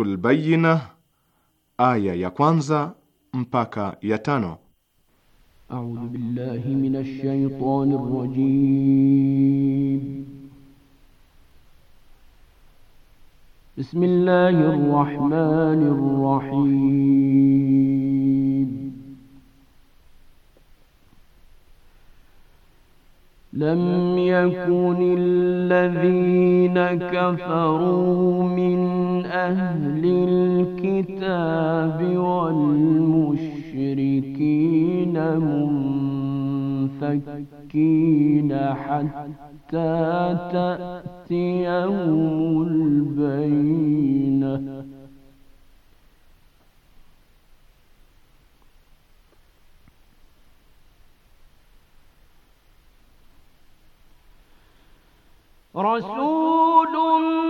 Suratul Bayyina aya ya kwanza mpaka ya tano. A'udhu billahi minash shaitani rrajim. Bismillahir rahmanir rahim. Lam yakuni alladhina kafaru min أهل الكتاب والمشركين منفكين حتى تأتيهم البينة رسول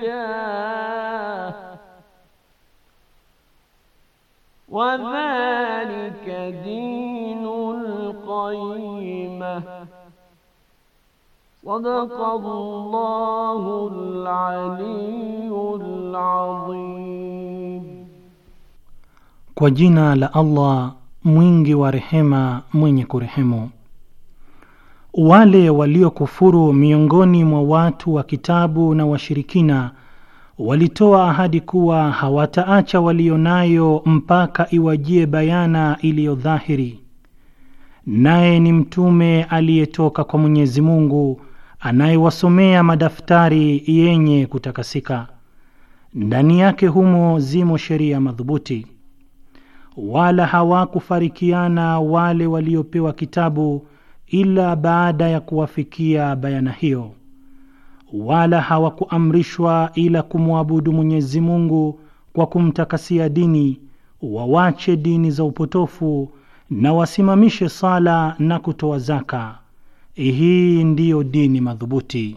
زكاه وذلك دين القيمه صدق الله العلي العظيم kwa jina la Allah mwingi wa rehema mwenye kurehemu wale waliokufuru miongoni mwa watu wa kitabu na washirikina walitoa ahadi kuwa hawataacha nayo mpaka iwajie bayana iliyo dhahiri, naye ni mtume aliyetoka kwa Mwenyezi Mungu anayewasomea madaftari yenye kutakasika, ndani yake humo zimo sheria madhubuti. Wala hawakufarikiana wale waliopewa kitabu ila baada ya kuwafikia bayana hiyo, wala hawakuamrishwa ila kumwabudu Mwenyezi Mungu kwa kumtakasia dini, wawache dini za upotofu na wasimamishe sala na kutoa zaka. Hii ndiyo dini madhubuti.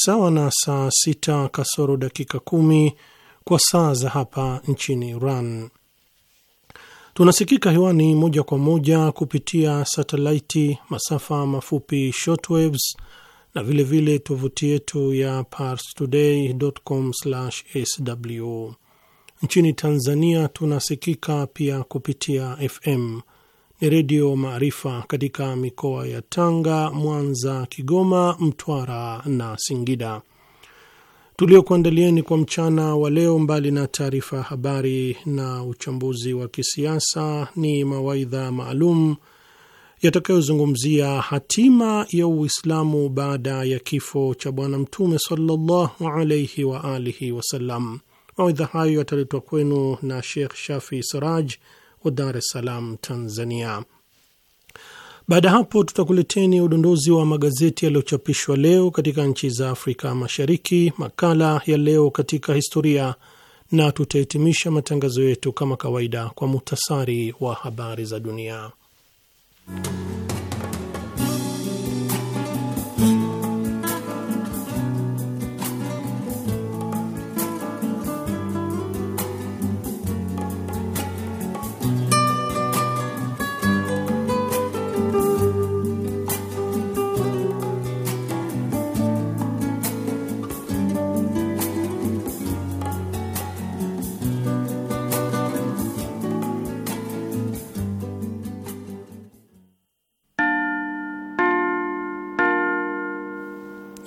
sawa na saa sita kasoro dakika kumi kwa saa za hapa nchini Iran. Tunasikika hewani moja kwa moja kupitia satelaiti, masafa mafupi shortwaves na vilevile tovuti yetu ya parstoday.com/sw. Nchini Tanzania tunasikika pia kupitia FM Redio Maarifa katika mikoa ya Tanga, Mwanza, Kigoma, Mtwara na Singida. Tuliokuandalieni kwa mchana wa leo, mbali na taarifa ya habari na uchambuzi wa kisiasa, ni mawaidha maalum yatakayozungumzia hatima ya Uislamu baada ya kifo cha Bwana Mtume sallallahu alaihi wa alihi wasallam. Mawaidha hayo yataletwa kwenu na Shekh Shafi Siraj wa Dar es Salaam, Tanzania. Baada ya hapo, tutakuleteni udondozi wa magazeti yaliyochapishwa leo katika nchi za Afrika Mashariki, makala ya leo katika historia, na tutahitimisha matangazo yetu kama kawaida kwa muhtasari wa habari za dunia.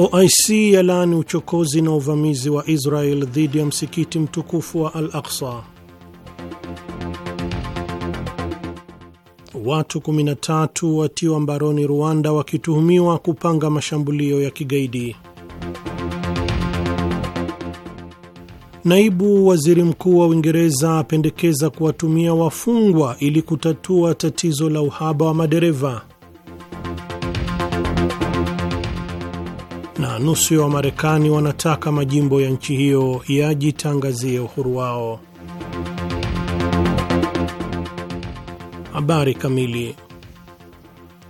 OIC yalaani uchokozi na uvamizi wa Israel dhidi ya msikiti mtukufu wa Al Aqsa. Watu 13 watiwa mbaroni Rwanda wakituhumiwa kupanga mashambulio ya kigaidi. Naibu waziri mkuu wa Uingereza apendekeza kuwatumia wafungwa ili kutatua tatizo la uhaba wa madereva. nusu ya Wamarekani wanataka majimbo ya nchi hiyo yajitangazie uhuru wao. Habari kamili.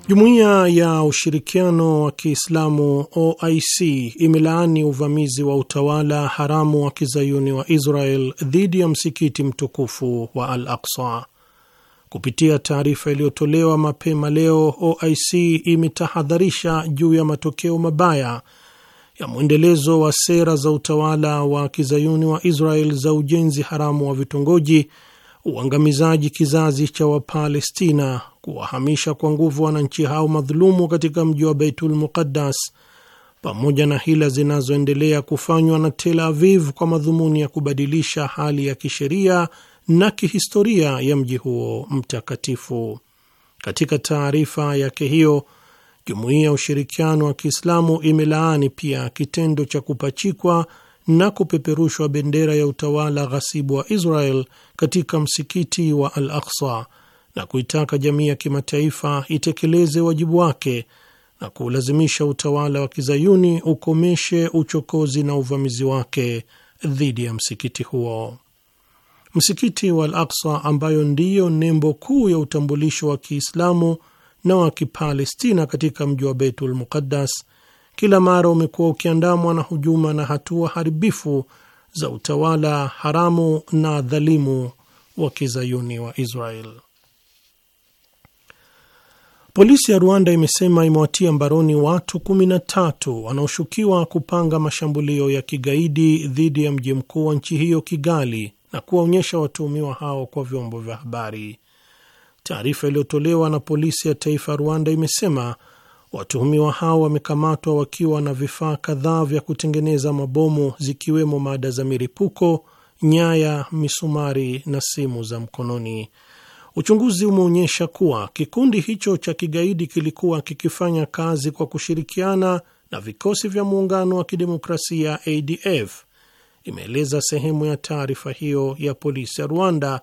Jumuiya ya Ushirikiano wa Kiislamu OIC imelaani uvamizi wa utawala haramu wa kizayuni wa Israel dhidi ya msikiti mtukufu wa Al Aqsa. Kupitia taarifa iliyotolewa mapema leo, OIC imetahadharisha juu ya matokeo mabaya ya mwendelezo wa sera za utawala wa kizayuni wa Israel za ujenzi haramu wa vitongoji, uangamizaji kizazi cha Wapalestina, kuwahamisha kwa nguvu wananchi hao madhulumu katika mji wa Beitul Muqaddas, pamoja na hila zinazoendelea kufanywa na Tel Aviv kwa madhumuni ya kubadilisha hali ya kisheria na kihistoria ya mji huo mtakatifu. Katika taarifa yake hiyo Jumuiya ya Ushirikiano wa Kiislamu imelaani pia kitendo cha kupachikwa na kupeperushwa bendera ya utawala ghasibu wa Israel katika msikiti wa Al Aksa na kuitaka jamii ya kimataifa itekeleze wajibu wake na kuulazimisha utawala wa kizayuni ukomeshe uchokozi na uvamizi wake dhidi ya msikiti huo. Msikiti wa Al Aksa ambayo ndiyo nembo kuu ya utambulisho wa Kiislamu na wa Kipalestina katika mji wa Beitul Muqaddas kila mara umekuwa ukiandamwa na hujuma na hatua haribifu za utawala haramu na dhalimu wa kizayuni wa Israel. Polisi ya Rwanda imesema imewatia mbaroni watu 13 wanaoshukiwa kupanga mashambulio ya kigaidi dhidi ya mji mkuu wa nchi hiyo Kigali, na kuwaonyesha watuhumiwa hao kwa vyombo vya habari. Taarifa iliyotolewa na polisi ya taifa Rwanda imesema watuhumiwa hao wamekamatwa wakiwa na vifaa kadhaa vya kutengeneza mabomu zikiwemo mada za milipuko, nyaya, misumari na simu za mkononi. Uchunguzi umeonyesha kuwa kikundi hicho cha kigaidi kilikuwa kikifanya kazi kwa kushirikiana na vikosi vya muungano wa kidemokrasia ADF, imeeleza sehemu ya taarifa hiyo ya polisi ya Rwanda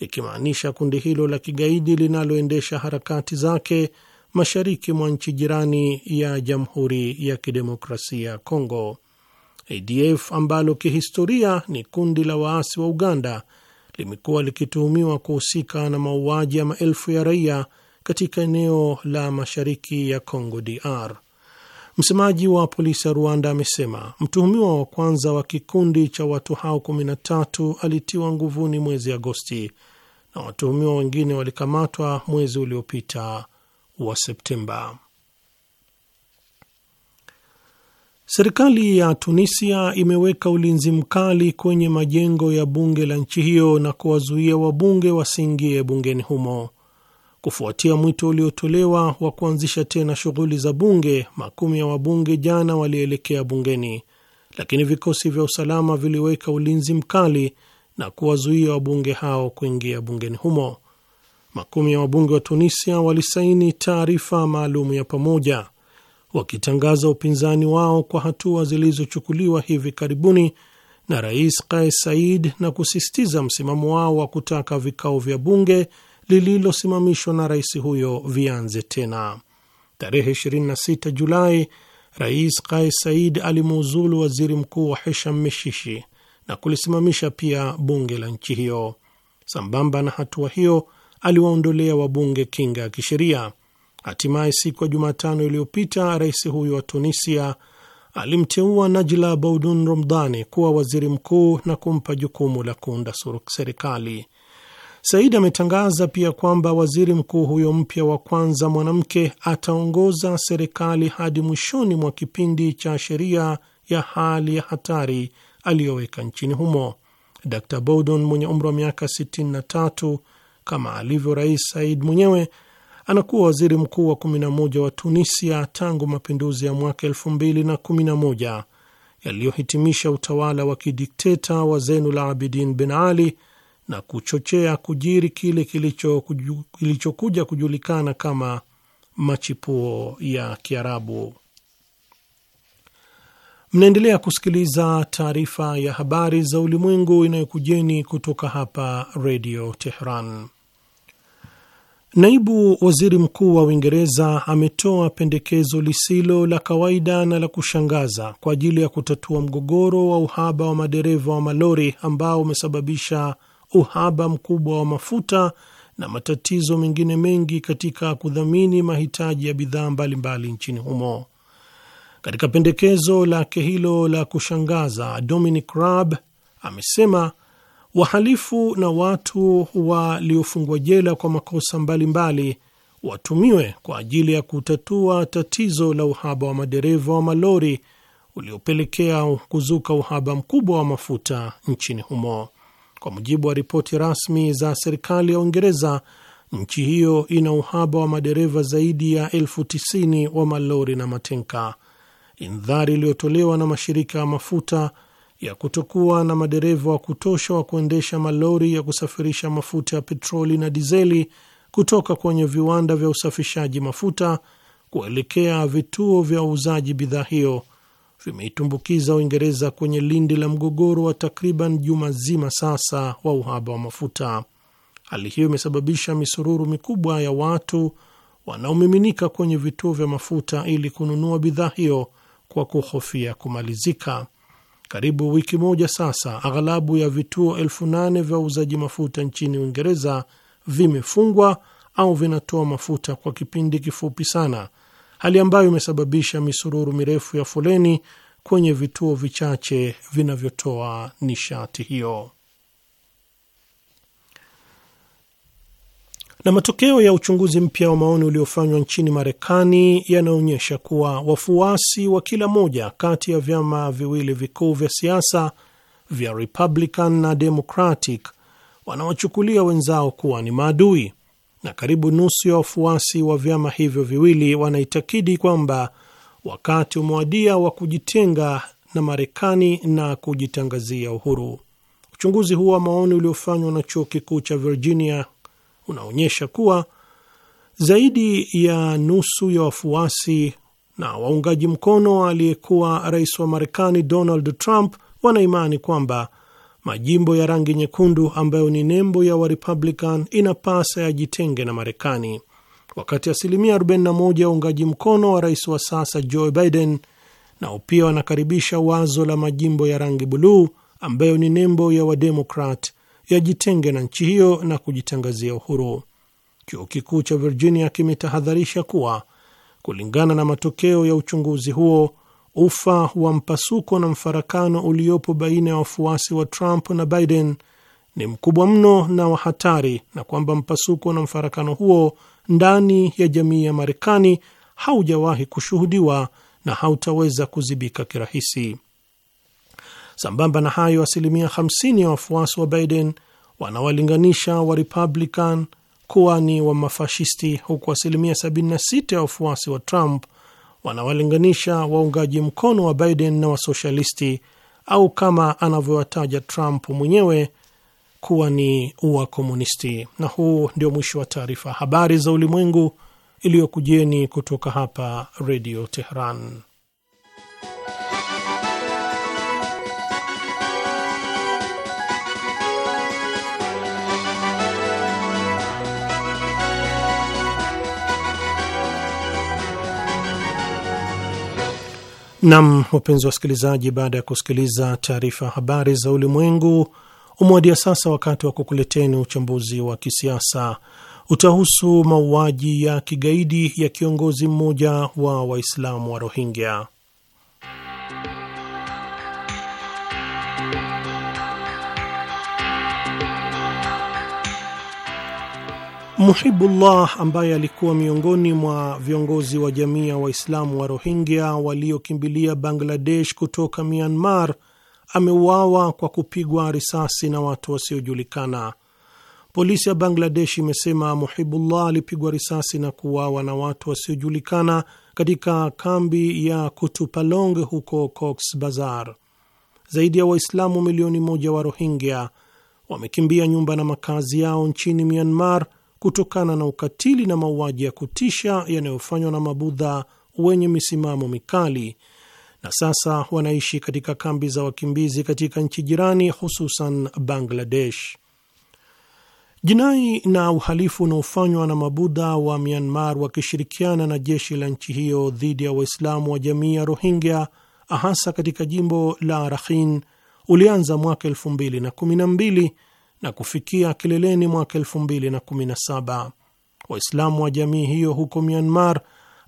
ikimaanisha kundi hilo la kigaidi linaloendesha harakati zake mashariki mwa nchi jirani ya Jamhuri ya Kidemokrasia ya Kongo. ADF ambalo kihistoria ni kundi la waasi wa Uganda limekuwa likituhumiwa kuhusika na mauaji ya maelfu ya raia katika eneo la mashariki ya congo DR. Msemaji wa polisi ya Rwanda amesema mtuhumiwa wa kwanza wa kikundi cha watu hao 13 alitiwa nguvuni mwezi Agosti na watuhumiwa wengine walikamatwa mwezi uliopita wa Septemba. Serikali ya Tunisia imeweka ulinzi mkali kwenye majengo ya bunge la nchi hiyo na kuwazuia wabunge wasiingie bungeni humo kufuatia mwito uliotolewa wa kuanzisha tena shughuli za bunge. Makumi ya wabunge jana walielekea bungeni, lakini vikosi vya usalama viliweka ulinzi mkali na kuwazuia wabunge hao kuingia bungeni humo. Makumi ya wabunge wa Tunisia walisaini taarifa maalum ya pamoja wakitangaza upinzani wao kwa hatua zilizochukuliwa hivi karibuni na Rais Kais said na kusisitiza msimamo wao wa kutaka vikao vya bunge lililosimamishwa na rais huyo vianze tena. Tarehe 26 Julai, Rais Kais said alimuuzulu waziri mkuu wa Hesham Meshishi na kulisimamisha pia bunge la nchi hiyo. Sambamba na hatua hiyo, aliwaondolea wabunge kinga ya kisheria. Hatimaye siku ya Jumatano iliyopita, rais huyo wa Tunisia alimteua Najla Baudun Romdani kuwa waziri mkuu na kumpa jukumu la kuunda serikali. Said ametangaza pia kwamba waziri mkuu huyo mpya wa kwanza mwanamke ataongoza serikali hadi mwishoni mwa kipindi cha sheria ya hali ya hatari aliyoweka nchini humo. Dr Bowdon mwenye umri wa miaka 63 kama alivyo Rais Said mwenyewe anakuwa waziri mkuu wa 11 wa Tunisia tangu mapinduzi ya mwaka 2011 yaliyohitimisha utawala wa kidikteta wa Zeinul Abidin Ben Ali na kuchochea kujiri kile kilichokuja kujulikana kama machipuo ya Kiarabu. Mnaendelea kusikiliza taarifa ya habari za ulimwengu inayokujeni kutoka hapa redio Tehran. Naibu waziri mkuu wa Uingereza ametoa pendekezo lisilo la kawaida na la kushangaza kwa ajili ya kutatua mgogoro wa uhaba wa madereva wa malori ambao umesababisha uhaba mkubwa wa mafuta na matatizo mengine mengi katika kudhamini mahitaji ya bidhaa mbalimbali nchini humo. Katika pendekezo lake hilo la kushangaza, Dominic Raab amesema wahalifu na watu waliofungwa jela kwa makosa mbalimbali mbali watumiwe kwa ajili ya kutatua tatizo la uhaba wa madereva wa malori uliopelekea kuzuka uhaba mkubwa wa mafuta nchini humo. Kwa mujibu wa ripoti rasmi za serikali ya Uingereza, nchi hiyo ina uhaba wa madereva zaidi ya elfu tisini wa malori na matenka indhari iliyotolewa na mashirika ya mafuta ya kutokuwa na madereva wa kutosha wa kuendesha malori ya kusafirisha mafuta ya petroli na dizeli kutoka kwenye viwanda vya usafishaji mafuta kuelekea vituo vya uuzaji bidhaa hiyo vimeitumbukiza Uingereza kwenye lindi la mgogoro wa takriban juma zima sasa wa uhaba wa mafuta. Hali hiyo imesababisha misururu mikubwa ya watu wanaomiminika kwenye vituo vya mafuta ili kununua bidhaa hiyo kwa kuhofia kumalizika. Karibu wiki moja sasa, aghalabu ya vituo elfu nane vya uuzaji mafuta nchini Uingereza vimefungwa au vinatoa mafuta kwa kipindi kifupi sana, hali ambayo imesababisha misururu mirefu ya foleni kwenye vituo vichache vinavyotoa nishati hiyo. Na matokeo ya uchunguzi mpya wa maoni uliofanywa nchini Marekani yanaonyesha kuwa wafuasi wa kila moja kati ya vyama viwili vikuu vya siasa vya Republican na Democratic wanawachukulia wenzao kuwa ni maadui, na karibu nusu ya wafuasi wa vyama hivyo viwili wanaitakidi kwamba wakati umewadia wa kujitenga na Marekani na kujitangazia uhuru. Uchunguzi huo wa maoni uliofanywa na chuo kikuu cha Virginia unaonyesha kuwa zaidi ya nusu ya wafuasi na waungaji mkono aliyekuwa rais wa Marekani Donald Trump wanaimani kwamba majimbo ya rangi nyekundu ambayo ni nembo ya Warepublican inapasa yajitenge na Marekani, wakati asilimia 41 ya waungaji mkono wa rais wa sasa Joe Biden nao pia wanakaribisha wazo la majimbo ya rangi buluu ambayo ni nembo ya Wademokrat yajitenge na nchi hiyo na kujitangazia uhuru. Chuo kikuu cha Virginia kimetahadharisha kuwa kulingana na matokeo ya uchunguzi huo, ufa wa mpasuko na mfarakano uliopo baina ya wafuasi wa Trump na Biden ni mkubwa mno na wa hatari, na kwamba mpasuko na mfarakano huo ndani ya jamii ya Marekani haujawahi kushuhudiwa na hautaweza kuzibika kirahisi. Sambamba na hayo, asilimia 50 ya wafuasi wa Biden wanawalinganisha wa Republican kuwa ni wa mafashisti, huku asilimia 76 ya wafuasi wa Trump wanawalinganisha waungaji mkono wa Biden na wasoshalisti au kama anavyowataja Trump mwenyewe kuwa ni wakomunisti. Na huu ndio mwisho wa taarifa habari za ulimwengu iliyokujieni kutoka hapa Redio Teheran. Nam, wapenzi wa wasikilizaji, baada ya kusikiliza taarifa habari za ulimwengu, umewadia sasa wakati wa kukuleteni uchambuzi wa kisiasa. Utahusu mauaji ya kigaidi ya kiongozi mmoja wa Waislamu wa Rohingya. Muhibullah ambaye alikuwa miongoni mwa viongozi wa jamii ya Waislamu wa Rohingya waliokimbilia Bangladesh kutoka Myanmar ameuawa kwa kupigwa risasi na watu wasiojulikana. Polisi ya Bangladesh imesema Muhibullah alipigwa risasi na kuuawa na watu wasiojulikana katika kambi ya Kutupalong huko Cox Bazar. Zaidi ya Waislamu milioni moja wa Rohingya wamekimbia nyumba na makazi yao nchini Myanmar kutokana na ukatili na mauaji ya kutisha yanayofanywa na mabudha wenye misimamo mikali, na sasa wanaishi katika kambi za wakimbizi katika nchi jirani, hususan Bangladesh. Jinai na uhalifu unaofanywa na mabudha wa Myanmar wakishirikiana na jeshi la nchi hiyo dhidi ya Waislamu wa jamii ya Rohingya hasa katika jimbo la Rakhine ulianza mwaka elfu mbili na kumi na mbili na kufikia kileleni mwaka saba. Waislamu wa jamii hiyo huko Myanmar,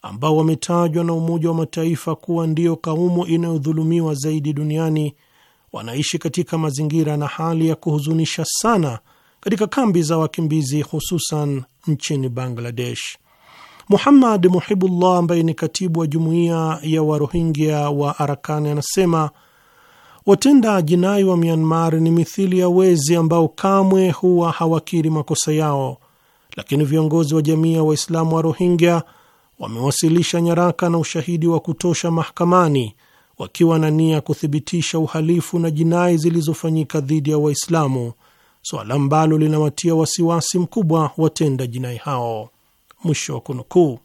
ambao wametajwa na Umoja wa Mataifa kuwa ndiyo kaumu inayodhulumiwa zaidi duniani, wanaishi katika mazingira na hali ya kuhuzunisha sana katika kambi za wakimbizi, hususan nchini Bangladesh. Muhammad Muhibullah ambaye ni katibu wa jumuiya ya Warohingya wa Arakani anasema Watenda jinai wa Myanmar ni mithili ya wezi ambao kamwe huwa hawakiri makosa yao, lakini viongozi wa jamii ya Waislamu wa Rohingya wamewasilisha nyaraka na ushahidi wa kutosha mahakamani wakiwa na nia kuthibitisha uhalifu na jinai zilizofanyika dhidi ya Waislamu, suala ambalo linawatia wasiwasi mkubwa watenda jinai hao. Mwisho wa kunukuu.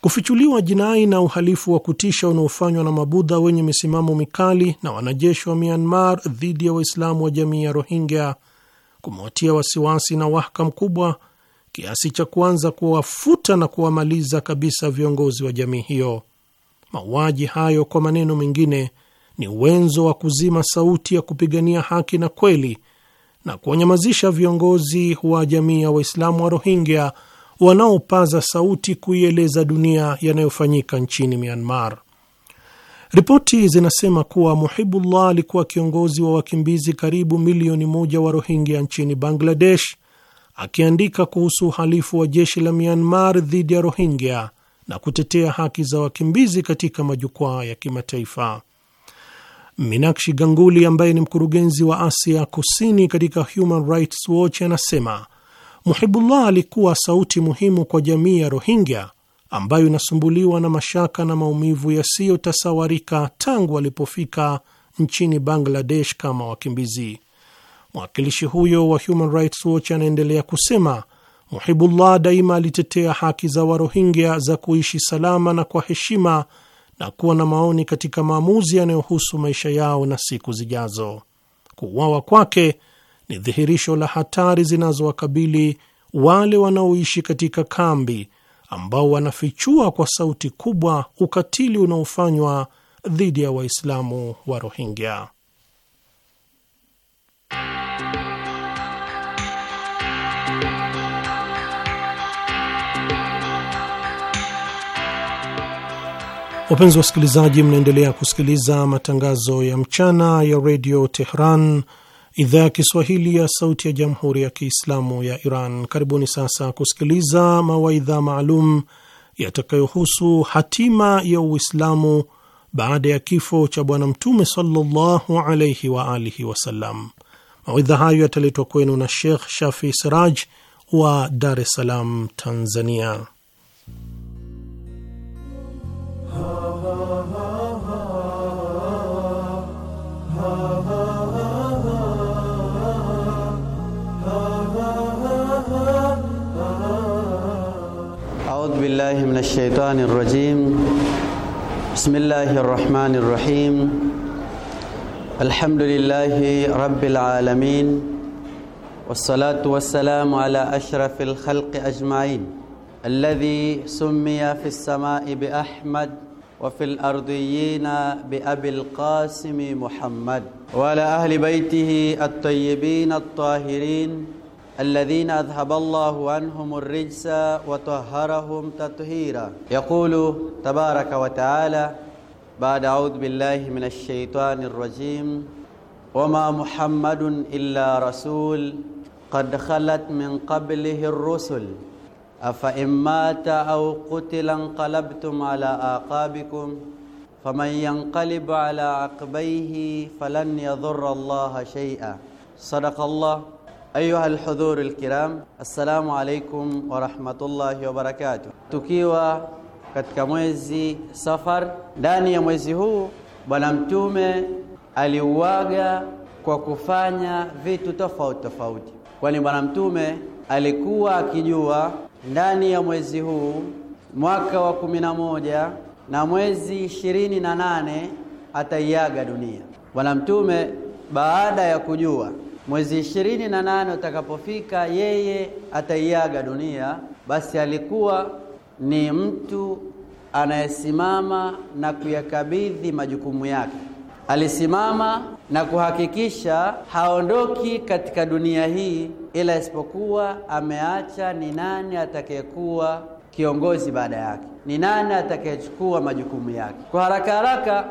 Kufichuliwa jinai na uhalifu wa kutisha unaofanywa na mabudha wenye misimamo mikali na wanajeshi wa Myanmar dhidi ya Waislamu wa jamii ya Rohingya kumewatia wasiwasi na wahaka mkubwa kiasi cha kuanza kuwafuta na kuwamaliza kabisa viongozi wa jamii hiyo. Mauaji hayo, kwa maneno mengine, ni uwenzo wa kuzima sauti ya kupigania haki na kweli na kuwanyamazisha viongozi wa jamii ya Waislamu wa Rohingya wanaopaza sauti kuieleza dunia yanayofanyika nchini Myanmar. Ripoti zinasema kuwa Muhibullah alikuwa kiongozi wa wakimbizi karibu milioni moja wa Rohingya nchini Bangladesh, akiandika kuhusu uhalifu wa jeshi la Myanmar dhidi ya Rohingya na kutetea haki za wakimbizi katika majukwaa ya kimataifa. Minakshi ganguli ambaye ni mkurugenzi wa Asia Kusini katika Human Rights Watch anasema Muhibullah alikuwa sauti muhimu kwa jamii ya Rohingya ambayo inasumbuliwa na mashaka na maumivu yasiyotasawarika tangu alipofika nchini Bangladesh kama wakimbizi. Mwakilishi huyo wa Human Rights Watch anaendelea kusema, Muhibullah daima alitetea haki za Warohingya za kuishi salama na kwa heshima na kuwa na maoni katika maamuzi yanayohusu maisha yao na siku zijazo. Kuuawa kwake ni dhihirisho la hatari zinazowakabili wale wanaoishi katika kambi ambao wanafichua kwa sauti kubwa ukatili unaofanywa dhidi ya Waislamu wa Rohingya. Wapenzi wasikilizaji, mnaendelea kusikiliza matangazo ya mchana ya redio Tehran, idhaa ya Kiswahili ya Sauti ya Jamhuri ya Kiislamu ya Iran. Karibuni sasa kusikiliza mawaidha maalum yatakayohusu hatima ya Uislamu baada ya kifo cha Bwana Mtume sallallahu alaihi wa alihi wasallam. Mawaidha hayo yataletwa kwenu na Shekh Shafi Siraj wa Dar es Salaam, Tanzania. بالله من الشيطان الرجيم بسم الله الرحمن الرحيم الحمد لله رب العالمين والصلاة والسلام على أشرف الخلق أجمعين الذي سمي في السماء بأحمد وفي الأرضيين بأبي القاسم محمد وعلى أهل بيته الطيبين الطاهرين الذين أذهب الله عنهم الرجس وطهرهم تطهيرا يقول تبارك وتعالى بعد أعوذ بالله من الشيطان الرجيم وما محمد إلا رسول قد خلت من قبله الرسل أفإن مات أو قتل انقلبتم على آقابكم فمن ينقلب على عقبيه فلن يضر الله شيئا صدق الله Ayuha alhudhuru alkiram, assalamu alaikum warahmatullahi wabarakatuh. Tukiwa katika mwezi Safar, ndani ya mwezi huu Bwana Mtume aliuaga kwa kufanya vitu tofauti tofauti, kwani Bwana Mtume alikuwa akijua ndani ya mwezi huu mwaka wa kumi na moja na mwezi ishirini na nane ataiaga dunia. Bwana Mtume baada ya kujua mwezi ishirini na nane utakapofika yeye ataiaga dunia, basi alikuwa ni mtu anayesimama na kuyakabidhi majukumu yake. Alisimama na kuhakikisha haondoki katika dunia hii, ila isipokuwa ameacha ni nani atakayekuwa kiongozi baada yake, ni nani atakayechukua majukumu yake. Kwa haraka haraka,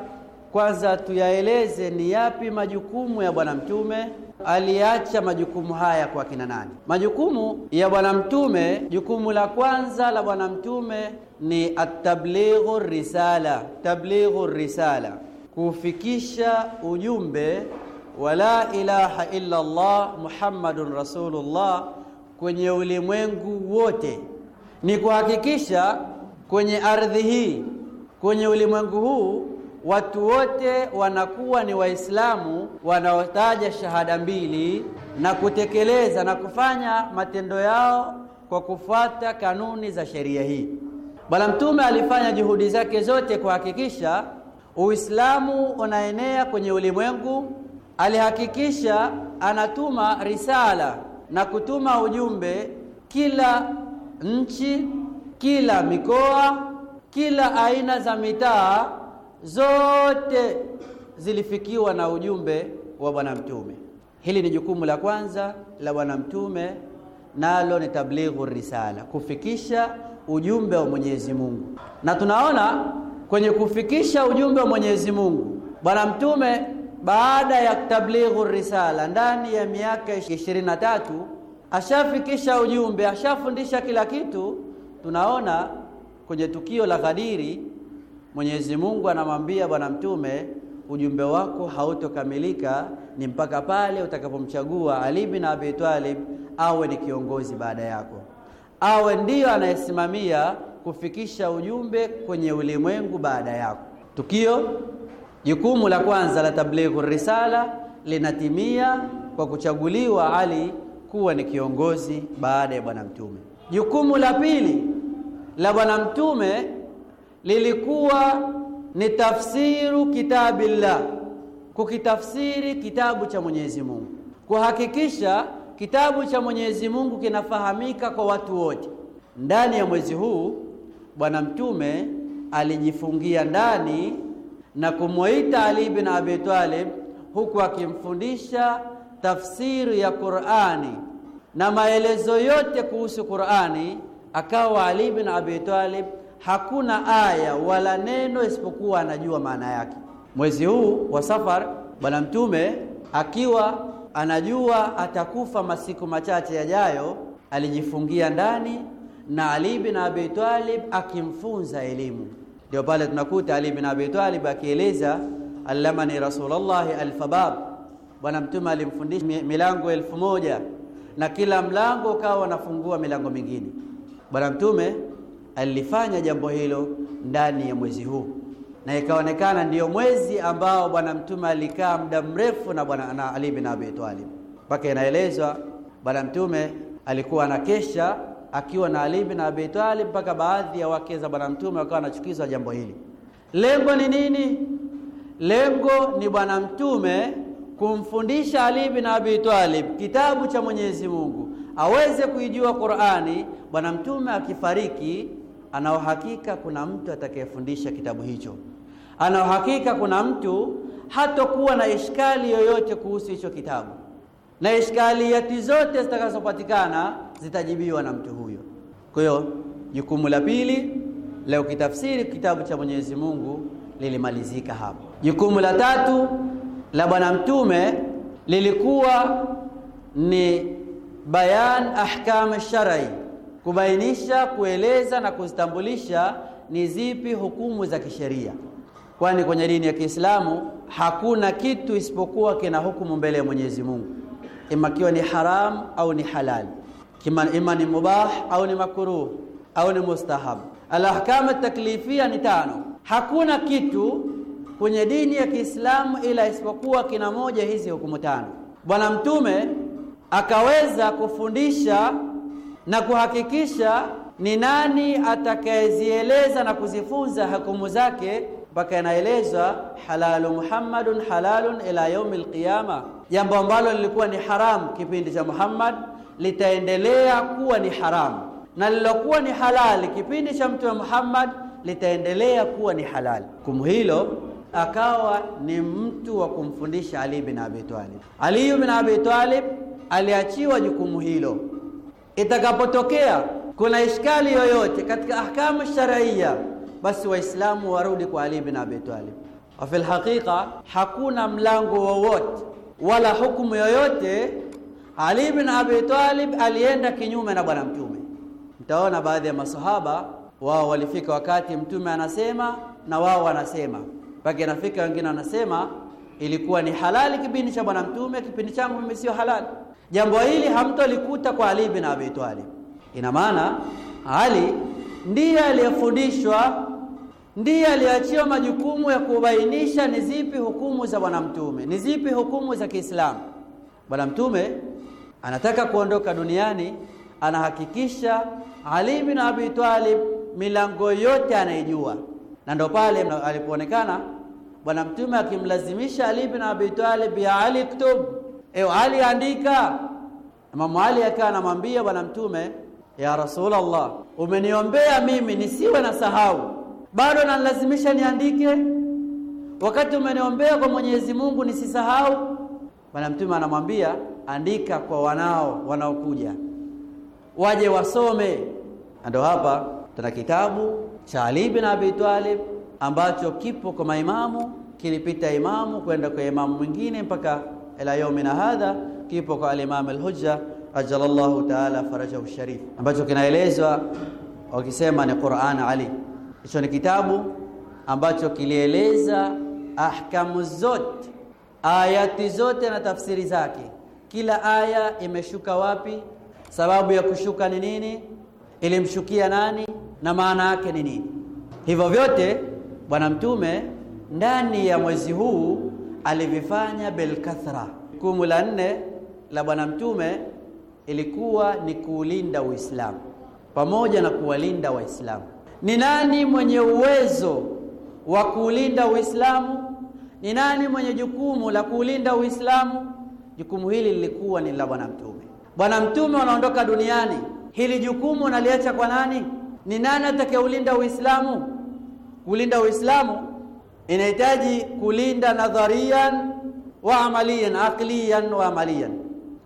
kwanza tuyaeleze ni yapi majukumu ya Bwana Mtume aliacha majukumu haya kwa kina nani? Majukumu ya Bwana Mtume, jukumu la kwanza la Bwana Mtume ni atablighu risala, tablighu risala, kufikisha ujumbe wa la ilaha illa Allah Muhammadun Rasulullah kwenye ulimwengu wote, ni kuhakikisha kwenye ardhi hii, kwenye ulimwengu huu watu wote wanakuwa ni Waislamu wanaotaja shahada mbili na kutekeleza na kufanya matendo yao kwa kufuata kanuni za sheria hii. Bwana Mtume alifanya juhudi zake zote kuhakikisha Uislamu unaenea kwenye ulimwengu. Alihakikisha anatuma risala na kutuma ujumbe kila nchi, kila mikoa, kila aina za mitaa zote zilifikiwa na ujumbe wa Bwana Mtume. Hili ni jukumu la kwanza la Bwana Mtume, nalo ni tablighu risala, kufikisha ujumbe wa Mwenyezi Mungu. Na tunaona kwenye kufikisha ujumbe wa Mwenyezi Mungu, Bwana Mtume baada ya tablighu risala ndani ya miaka 23 ashafikisha ujumbe, ashafundisha kila kitu. Tunaona kwenye tukio la Ghadiri Mwenyezi Mungu anamwambia bwana mtume, ujumbe wako hautokamilika ni mpaka pale utakapomchagua Ali bin Abi Talib awe ni kiongozi baada yako, awe ndiyo anayesimamia kufikisha ujumbe kwenye ulimwengu baada yako. Tukio jukumu la kwanza la tablighu risala linatimia kwa kuchaguliwa Ali kuwa ni kiongozi baada ya bwana mtume. Jukumu la pili la bwana mtume lilikuwa ni tafsiru kitabillah, kukitafsiri kitabu cha Mwenyezi Mungu, kuhakikisha kitabu cha Mwenyezi Mungu kinafahamika kwa watu wote. Ndani ya mwezi huu Bwana Mtume alijifungia ndani na kumwita Ali bin Abi Talib, huku akimfundisha tafsiri ya Qur'ani na maelezo yote kuhusu Qur'ani. Akawa Ali bin Abi Talib hakuna aya wala neno isipokuwa anajua maana yake. Mwezi huu wa Safar, Bwana Mtume akiwa anajua atakufa masiku machache yajayo, alijifungia ndani na Ali bin Abi Talib akimfunza elimu. Ndio pale tunakuta Ali bin Abi Talib akieleza allamani Rasulullahi alfabab, Bwana Mtume alimfundisha milango elfu moja na kila mlango ukawa unafungua milango mingine. Bwana Mtume alilifanya jambo hilo ndani ya mwezi huu, na ikaonekana ndiyo mwezi ambao Bwana Mtume alikaa muda mrefu na bwana na Ali bin Abi Talib, mpaka inaelezwa Bwana Mtume alikuwa na kesha akiwa na Ali bin Abi Talib mpaka baadhi ya wake za Bwana Mtume wakawa wanachukizwa jambo hili. Lengo ni nini? Lengo ni Bwana Mtume kumfundisha Ali bin Abi Talib kitabu cha Mwenyezi Mungu aweze kuijua Qur'ani. Bwana Mtume akifariki uhakika kuna mtu atakayefundisha kitabu hicho, uhakika kuna mtu hatokuwa na ishkali yoyote kuhusu hicho kitabu, na ishkaliyati zote zitakazopatikana zitajibiwa na mtu huyo. Kwa hiyo jukumu la pili la ukitafsiri kitabu cha Mwenyezi Mungu lilimalizika hapo. Jukumu la tatu la Bwana Mtume lilikuwa ni bayan ahkam shar'i kubainisha, kueleza na kuzitambulisha ni zipi hukumu za kisheria, kwani kwenye dini ya Kiislamu hakuna kitu isipokuwa kina hukumu mbele ya Mwenyezi Mungu, ima kiwa ni haramu au ni halali, ima ni mubah au ni makruh au ni mustahab Alahkamu taklifia ni tano. Hakuna kitu kwenye dini ya Kiislamu ila isipokuwa kina moja hizi hukumu tano. Bwana Mtume akaweza kufundisha na kuhakikisha ni nani atakayezieleza na kuzifunza hukumu zake mpaka inaelezwa halalu Muhammadun halalun ila yaumil lqiyama. Jambo ambalo lilikuwa ni haramu kipindi cha Muhammad litaendelea kuwa ni haramu, na lilokuwa ni halali kipindi cha Mtume Muhammad litaendelea kuwa ni halali. Hukumu hilo akawa ni mtu wa kumfundisha Ali bin Abi Talib. Ali bin Abi Talib aliachiwa jukumu hilo itakapotokea kuna ishkali yoyote katika ahkamu sharaiya, basi Waislamu warudi kwa Ali bin Abi Talib. Wa fil haqiqa, hakuna mlango wowote wala hukumu yoyote Ali bin Abi Talib alienda kinyume na bwana Mtume. Mtaona baadhi ya masahaba wao walifika wakati Mtume anasema na wao wanasema, mpaka inafika wengine wanasema ilikuwa ni halali kipindi cha bwana Mtume, kipindi changu mimi sio halali. Jambo hili hamtolikuta kwa Ali bin Abi Talib. Ina maana Ali ndiye aliyefundishwa, ndiye aliachiwa majukumu ya kubainisha ni zipi hukumu za Bwana Mtume, ni zipi hukumu za Kiislamu. Bwana Mtume anataka kuondoka duniani, anahakikisha Ali bin Abi Talib milango yote anaijua, na ndo pale alipoonekana Bwana Mtume akimlazimisha Ali bin Abi Talib, ya Ali Eo Ali andika. Imamu Ali akawa anamwambia Bwana Mtume, ya Rasulullah, umeniombea mimi nisiwe na sahau, bado nalazimisha niandike, wakati umeniombea kwa Mwenyezi Mungu nisisahau. Bwana Mtume anamwambia andika kwa wanao wanaokuja waje wasome. Ndio hapa tuna kitabu cha Ali bin Abi Talib ambacho kipo kwa maimamu, kilipita imamu kwenda kwa imamu mwingine mpaka ila yaumina hadha kipo kwa alimamu alhujja ajalallahu taala farajahu sharif, ambacho kinaelezwa wakisema ni Qur'an Ali. Hicho ni kitabu ambacho kilieleza ahkamu zote, ayati zote na tafsiri zake. Kila aya imeshuka wapi, sababu ya kushuka ni nini, ilimshukia nani na maana yake ni nini. Hivyo vyote Bwana Mtume ndani ya mwezi huu alivifanya belkathra Jukumu la nne la Bwana Mtume ilikuwa ni kuulinda Uislamu pamoja na kuwalinda Waislamu. Ni nani mwenye uwezo wa kuulinda Uislamu? Ni nani mwenye jukumu la kuulinda Uislamu? Jukumu hili lilikuwa ni la Bwana Mtume. Bwana Mtume wanaondoka duniani, hili jukumu naliacha kwa nani? Ni nani atakayeulinda Uislamu? Kuulinda Uislamu inahitaji kulinda nadharian wa amalian, aqlian wa amalian.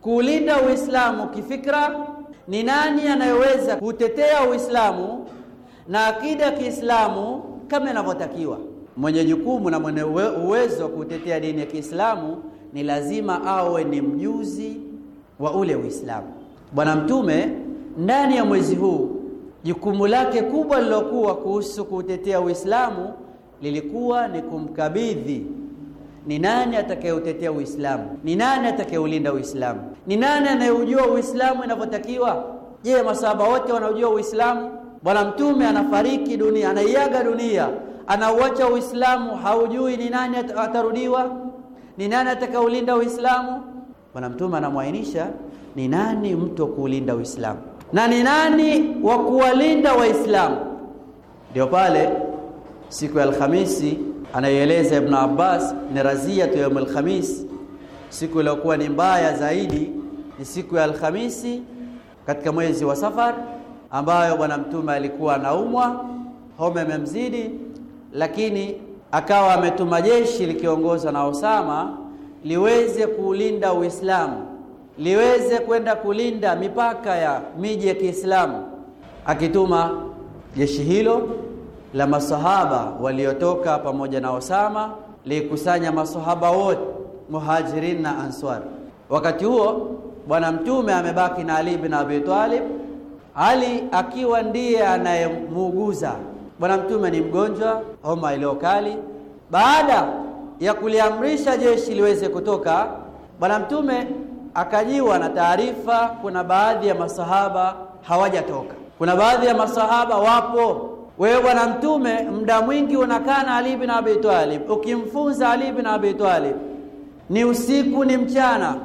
Kuulinda Uislamu kifikra, ni nani anayeweza kutetea Uislamu na akida ya Kiislamu kama inavyotakiwa? Mwenye jukumu na mwenye uwezo wa kutetea dini ya Kiislamu ni lazima awe ni mjuzi wa ule Uislamu. Bwana Mtume ndani ya mwezi huu jukumu lake kubwa lilokuwa kuhusu kutetea Uislamu lilikuwa ni kumkabidhi ni nani atakayeutetea Uislamu, ni nani atakayeulinda Uislamu, ni nani anayeujua Uislamu inavyotakiwa. Je, masahaba wote wanaojua Uislamu? Bwana Mtume anafariki dunia, anaiaga dunia, anauacha Uislamu, haujui ni nani atarudiwa, ni nani atakayeulinda Uislamu. Bwana Mtume anamwainisha ni nani mtu wa kuulinda Uislamu na ni nani wa kuwalinda Waislamu. Ndio pale siku ya Alhamisi anayeeleza Ibn Abbas ni raziyatu yaum alhamis, siku iliyokuwa ni mbaya zaidi ni siku ya Alhamisi katika mwezi wa Safar, ambayo Bwana Mtume alikuwa anaumwa, homa imemzidi, lakini akawa ametuma jeshi likiongozwa na Osama liweze kulinda Uislamu, liweze kwenda kulinda mipaka ya miji ya Kiislamu, akituma jeshi hilo la masahaba waliotoka pamoja na Osama likusanya masahaba wote muhajirin na answar. Wakati huo bwana mtume amebaki na Ali bin Abi Talib, Ali akiwa ndiye anayemuuguza bwana mtume. Ni mgonjwa homa iliyo kali. Baada ya kuliamrisha jeshi liweze kutoka, bwana mtume akajiwa na taarifa, kuna baadhi ya masahaba hawajatoka, kuna baadhi ya masahaba wapo wewe bwana Mtume, muda mwingi unakaa na Ali bin Abi Talib, ukimfunza Ali bin Abi Talib ni usiku ni mchana,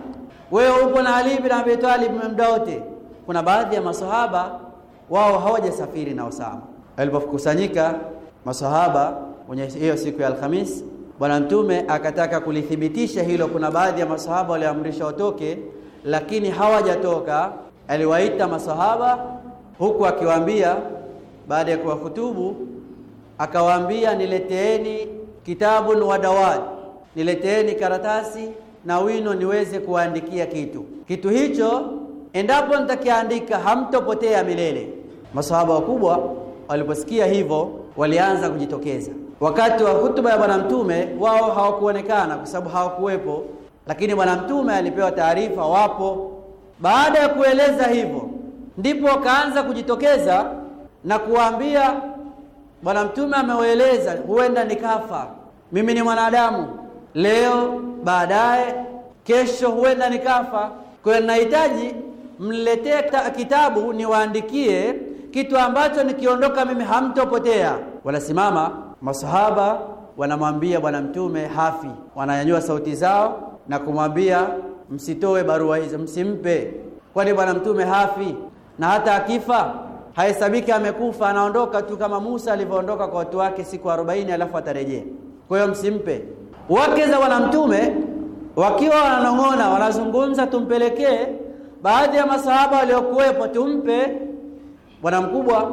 wewe uko na Ali bin Abi Talib muda wote. Kuna baadhi ya masahaba wao hawajasafiri na Usama. Alipokusanyika masahaba kwenye hiyo siku ya Alhamis, bwana Mtume akataka kulithibitisha hilo. Kuna baadhi ya masahaba waliamrisha watoke, lakini hawajatoka. Aliwaita masahaba huku akiwaambia baada ya kuwahutubu akawaambia, nileteeni kitabun wa dawad, nileteeni karatasi na wino niweze kuwaandikia kitu. Kitu hicho endapo nitakiandika hamtopotea milele. Masahaba wakubwa waliposikia hivyo walianza kujitokeza. Wakati wa hutuba ya Bwana Mtume wao hawakuonekana kwa sababu hawakuwepo, lakini Bwana Mtume alipewa taarifa wapo. Baada ya kueleza hivyo, ndipo wakaanza kujitokeza na kuwaambia Bwana Mtume ameweleza huenda nikafa mimi, ni mwanadamu leo, baadaye, kesho, huenda nikafa. Kwa hiyo nahitaji kitabu niwaandikie kitu ambacho nikiondoka mimi hamtopotea. Wanasimama masahaba wanamwambia Bwana Mtume hafi, wananyanyua sauti zao na kumwambia msitoe barua hizo, msimpe, kwani Bwana Mtume hafi, na hata akifa hahesabiki amekufa, anaondoka tu kama Musa alivyoondoka kwa watu wake siku 40, alafu atarejea. Kwa hiyo msimpe. Wake za bwana mtume wakiwa wananong'ona, wanazungumza, tumpelekee. Baadhi ya masahaba waliokuwepo, tumpe. Bwana mkubwa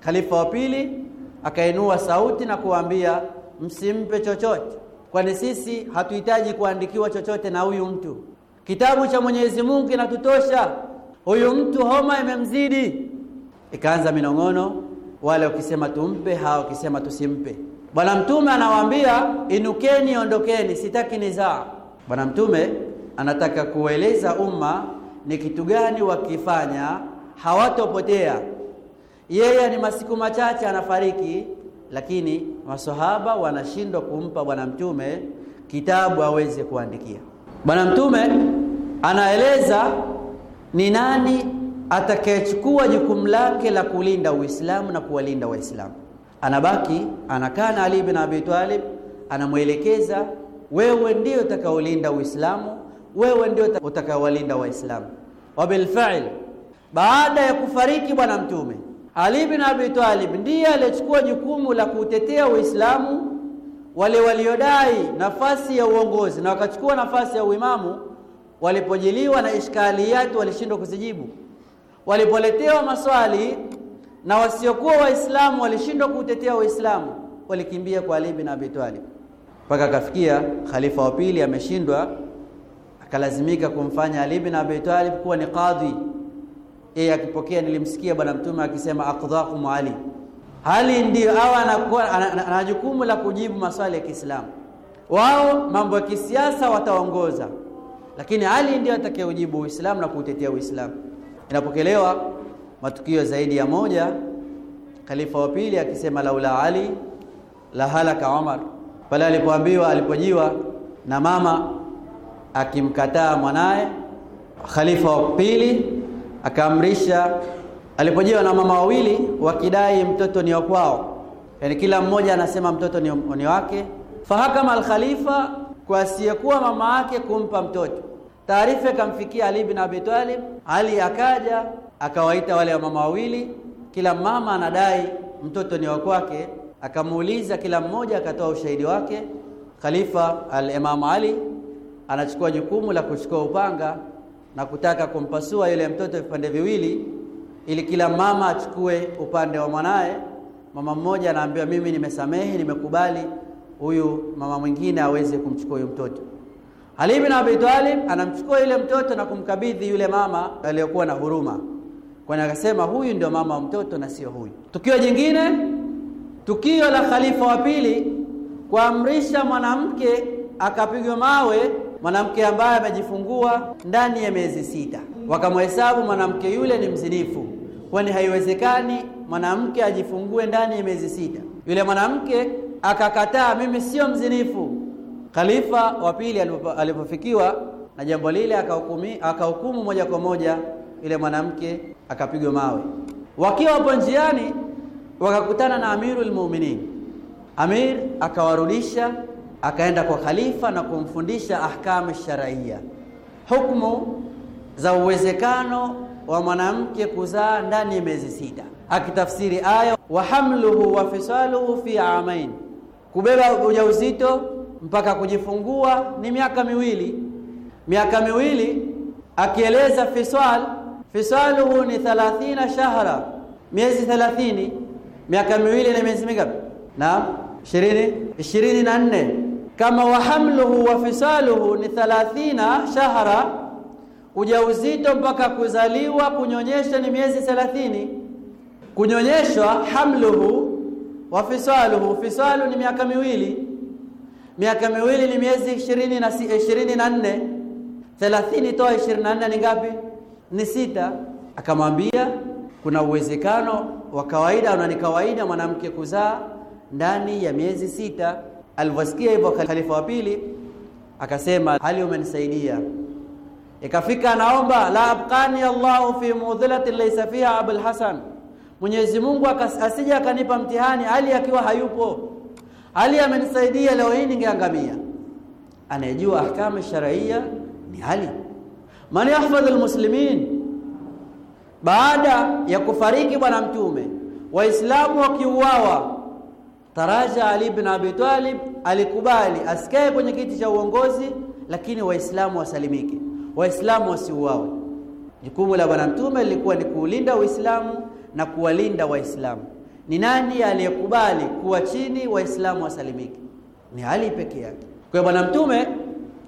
khalifa wa pili akainua sauti na kuambia, msimpe chochote, kwani sisi hatuhitaji kuandikiwa chochote na huyu mtu. Kitabu cha Mwenyezi Mungu kinatutosha. Huyu mtu homa imemzidi ikaanza minong'ono, wale wakisema tumpe, hawa wakisema tusimpe. Bwana Mtume anawaambia inukeni, ondokeni, sitaki nizaa. Bwana Mtume anataka kueleza umma ni kitu gani wakifanya hawatopotea. Yeye ni masiku machache anafariki, lakini masahaba wanashindwa kumpa Bwana Mtume kitabu aweze kuandikia. Bwana Mtume anaeleza ni nani atakayechukua jukumu lake la kulinda Uislamu na kuwalinda Waislamu. Anabaki anakaa na Ali bin Abi Talib, anamwelekeza wewe ndio utakaolinda Uislamu, wewe ndio utakaowalinda Waislamu. Wa bilfa'il, baada ya kufariki Bwana Mtume, Ali bin Abi Talib ndiye aliyechukua jukumu la kuutetea Uislamu. Wale waliodai nafasi ya uongozi na wakachukua nafasi ya uimamu, walipojiliwa na ishkaliyatu walishindwa kuzijibu walipoletewa maswali na wasiokuwa Waislamu walishindwa kuutetea waislamu walikimbia kwa Ali bin Abi Talib mpaka akafikia khalifa wa pili, ameshindwa akalazimika kumfanya Ali bin Abi Talib kuwa ni kadhi. Yeye akipokea, nilimsikia Bwana Mtume akisema aqdhaqum Ali, hali ndio au anakuwa ana jukumu la kujibu maswali ya Kiislamu. Wao mambo ya kisiasa wataongoza, lakini Ali ndio atakayejibu Uislamu na kuutetea Uislamu. Inapokelewa matukio zaidi ya moja, khalifa wa pili akisema laula Ali la halaka Omar, pale alipoambiwa alipojiwa na mama akimkataa mwanaye. Khalifa wa pili akaamrisha, alipojiwa na mama wawili wakidai mtoto ni wa kwao, yani kila mmoja anasema mtoto ni, ni wake. Fahakama alkhalifa kwa asiyekuwa mama yake kumpa mtoto Taarifa ikamfikia Ali bin Abi Talib. Ali akaja akawaita wale wamama wawili, kila mama anadai mtoto ni wa kwake. Akamuuliza kila mmoja, akatoa ushahidi wake. Khalifa al-Imam Ali anachukua jukumu la kuchukua upanga na kutaka kumpasua yule mtoto vipande viwili, ili kila mama achukue upande wa mwanaye. Mama mmoja anaambiwa, mimi nimesamehe, nimekubali, huyu mama mwingine aweze kumchukua huyu mtoto. Ali bin Abi Talib anamchukua yule mtoto na kumkabidhi yule mama aliyokuwa na huruma, kwani akasema huyu ndio mama wa mtoto na sio huyu. Tukio jingine, tukio la khalifa wa pili kuamrisha mwanamke akapigwa mawe mwanamke ambaye amejifungua ndani ya miezi sita, wakamhesabu mwanamke yule ni mzinifu, kwani haiwezekani mwanamke ajifungue ndani ya miezi sita. Yule mwanamke akakataa, mimi sio mzinifu Khalifa wa pili alipofikiwa na jambo lile, akahukumu moja kwa moja, ile mwanamke akapigwa mawe. Wakiwa hapo njiani, wakakutana na Amirul Mu'minin. Amir akawarudisha, akaenda kwa khalifa na kumfundisha ahkamu sharaia, hukumu za uwezekano wa mwanamke kuzaa ndani ya miezi sita, akitafsiri aya wa hamluhu wa fisaluhu fi amain, kubeba ujauzito mpaka kujifungua ni miaka miwili. Miaka miwili akieleza fiswal, fiswaluhu ni 30 shahra, miezi 30. Miaka miwili na miezi mingapi? Naam, 20, 24. Kama wahamluhu wa fisaluhu ni 30 shahra, ujauzito mpaka kuzaliwa kunyonyesha ni miezi 30. Kunyonyeshwa hamluhu wa fisaluhu, fisalu ni miaka miwili miaka miwili ni miezi ishirini na ishirini na nne thelathini toa ishirini na nne ni ngapi? Ni sita. Akamwambia kuna uwezekano wa kawaida na ni kawaida mwanamke kuzaa ndani ya miezi sita. Alivyosikia hivyo, khalifa wa pili akasema, hali umenisaidia. Ikafika anaomba la abqani Allahu fi mudhilati laysa fiha Abul Hasan, Mwenyezi Mungu asije akanipa mtihani hali akiwa hayupo ali amenisaidia leo hii ningeangamia. Anayejua ahkamu sharia ni Ali. Man yahfadhu almuslimin, baada ya kufariki bwana mtume, waislamu wakiuawa, taraja Ali ibn Abi Talib alikubali asikae kwenye kiti cha uongozi, lakini waislamu wasalimike, waislamu wasiuawe. Jukumu la bwana mtume lilikuwa ni kuulinda Uislamu na kuwalinda Waislamu ni nani aliyekubali kuwa chini waislamu wasalimike? Ni Ali peke yake. Kwa bwana mtume